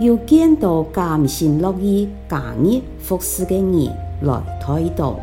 要見到甘心樂意、甘願服侍嘅人來推動。